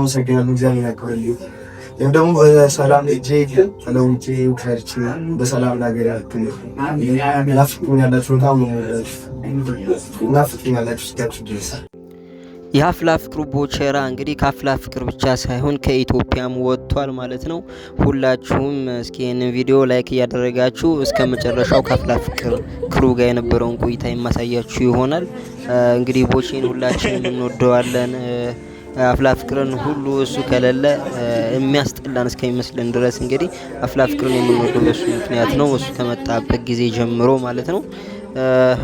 አመሰግናለሁ። እግዚአብሔር ያክብርልኝ። ይህም ደግሞ በሰላም እጄ ተለውጬ ከርች በሰላም ላገር ናፍቁኛላችሁ። በጣም ናፍቁኛላችሁ። የአፍላ ፍቅሩ ቦቸራ እንግዲህ ከአፍላ ፍቅር ብቻ ሳይሆን ከኢትዮጵያም ወጥቷል ማለት ነው። ሁላችሁም እስኪ ይህንን ቪዲዮ ላይክ እያደረጋችሁ እስከ መጨረሻው ከአፍላ ፍቅር ክሩ ጋር የነበረውን ቆይታ የማሳያችሁ ይሆናል። እንግዲህ ቦቼን ሁላችንም እንወደዋለን። አፍላ ፍቅርን ሁሉ እሱ ከሌለ የሚያስጠላን እስከሚመስለን ድረስ እንግዲህ አፍላ ፍቅርን የምንወደው በሱ ምክንያት ነው። እሱ ከመጣበት ጊዜ ጀምሮ ማለት ነው።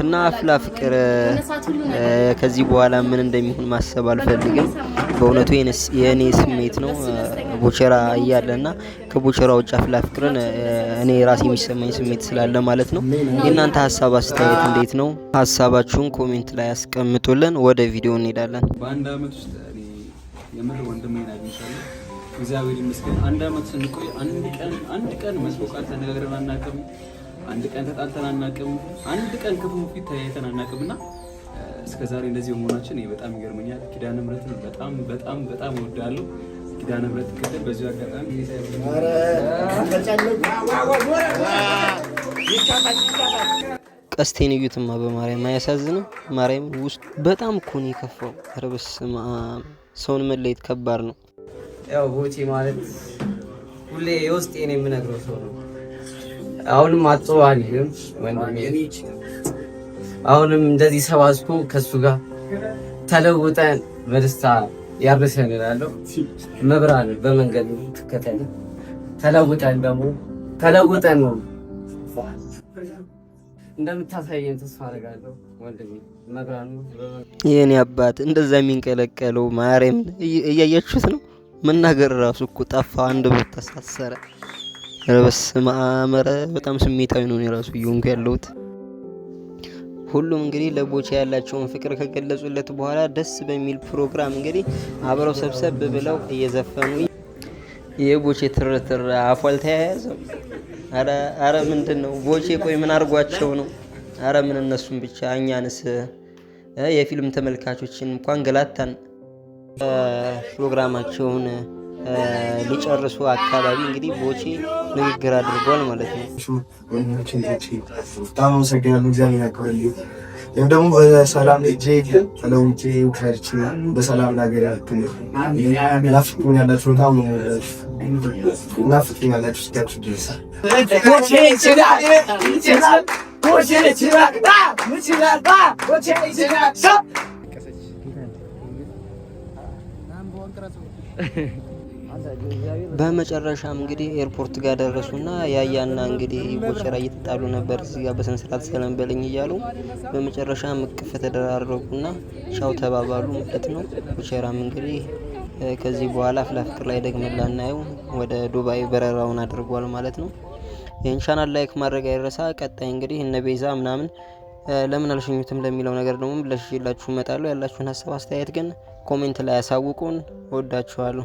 እና አፍላ ፍቅር ከዚህ በኋላ ምን እንደሚሆን ማሰብ አልፈልግም። በእውነቱ የእኔ ስሜት ነው። ቦቸራ እያለ እና ከቦቸራ ውጭ አፍላ ፍቅርን እኔ ራሴ የሚሰማኝ ስሜት ስላለ ማለት ነው። የእናንተ ሀሳብ አስተያየት እንዴት ነው? ሀሳባችሁን ኮሜንት ላይ አስቀምጡልን። ወደ ቪዲዮ እንሄዳለን። በአንድ አመት ውስጥ የምር ወንድሜን አግኝቻለሁ። እግዚአብሔር ይመስገን። አንድ አመት ስንቆይ አንድ ቀን አንድ ቀን መስቦቃት ተነጋግረን አናውቅም። አንድ ቀን ተጣልተን አናውቅም። አንድ ቀን ክፉ ፊት ተያይተን አናውቅም እና እስከ ዛሬ እንደዚህ በመሆናችን በጣም ይገርመኛል። ኪዳነ ምሕረትን በጣም በጣም በጣም እወዳለሁ። ኪዳነ ምሕረት ክልል በዚሁ አጋጣሚ ቀስቴን እዩትማ በማርያም አያሳዝንም? ማርያም ውስጥ በጣም እኮ ነው የከፋው። ኧረ በስመ አብ ሰውን መለየት ከባድ ነው። ያው ቦቼ ማለት ሁሌ የውስጤን የምነግረው ሰው ነው አሁንም አጥዋልም ወንድሜ፣ አሁንም እንደዚህ ሰባዝኩ ከሱ ጋር ተለውጠን በደስታ ያርሰን እላለሁ። መብራን በመንገድ ትከተል። ተለውጠን ደግሞ ተለውጠን ነው እንደምታሳየን ተስፋ አደርጋለሁ ወንድሜ። የእኔ አባት እንደዛ የሚንቀለቀለው ማርያም እያያችሁት ነው። መናገር ራሱ እኮ ጠፋ፣ አንድ ብር ተሳሰረ። ኧረ ማመረ በጣም ስሜታዊ ነው የራሱ እየሆንኩ ያለሁት። ሁሉም እንግዲህ ለቦቼ ያላቸውን ፍቅር ከገለጹለት በኋላ ደስ በሚል ፕሮግራም እንግዲህ አብረው ሰብሰብ ብለው እየዘፈኑ የቦቼ ትርትር አፏ አልተያያዘም። አረ ምንድን ነው ቦቼ? ቆይ ምን አድርጓቸው ነው? አረ ምን እነሱም ብቻ እኛንስ የፊልም ተመልካቾችን እንኳን ገላታን ፕሮግራማቸውን ሊጨርሱ አካባቢ እንግዲህ ቦቼ ንግግር አድርጓል ማለት ነው። በጣም አመሰግናለሁ። እግዚአብሔር ያክብርልኝ። ይህም ደግሞ በሰላም እጄ ተለውጬ ከርች በሰላም ላገር ናፍቁኝ በጣም ድረስ በመጨረሻም እንግዲህ ኤርፖርት ጋር ደረሱና ያያና እንግዲህ ቦቸራ እየተጣሉ ነበር። እዚህ ጋር በስነ ስርዓት ሰላም በለኝ እያሉ በመጨረሻም እቅፍ ተደራረጉና ሻው ተባባሉ ማለት ነው። ቦቸራም እንግዲህ ከዚህ በኋላ ፍላፍቅር ላይ ደግመን ላናየው ወደ ዱባይ በረራውን አድርጓል ማለት ነው። ይህን ቻናል ላይክ ማድረግ አይረሳ። ቀጣይ እንግዲህ እነ ቤዛ ምናምን ለምን አልሸኙትም ለሚለው ነገር ደግሞ ለሽላችሁ እመጣለሁ። ያላችሁን ሀሳብ አስተያየት ግን ኮሜንት ላይ ያሳውቁን። ወዳችኋለሁ።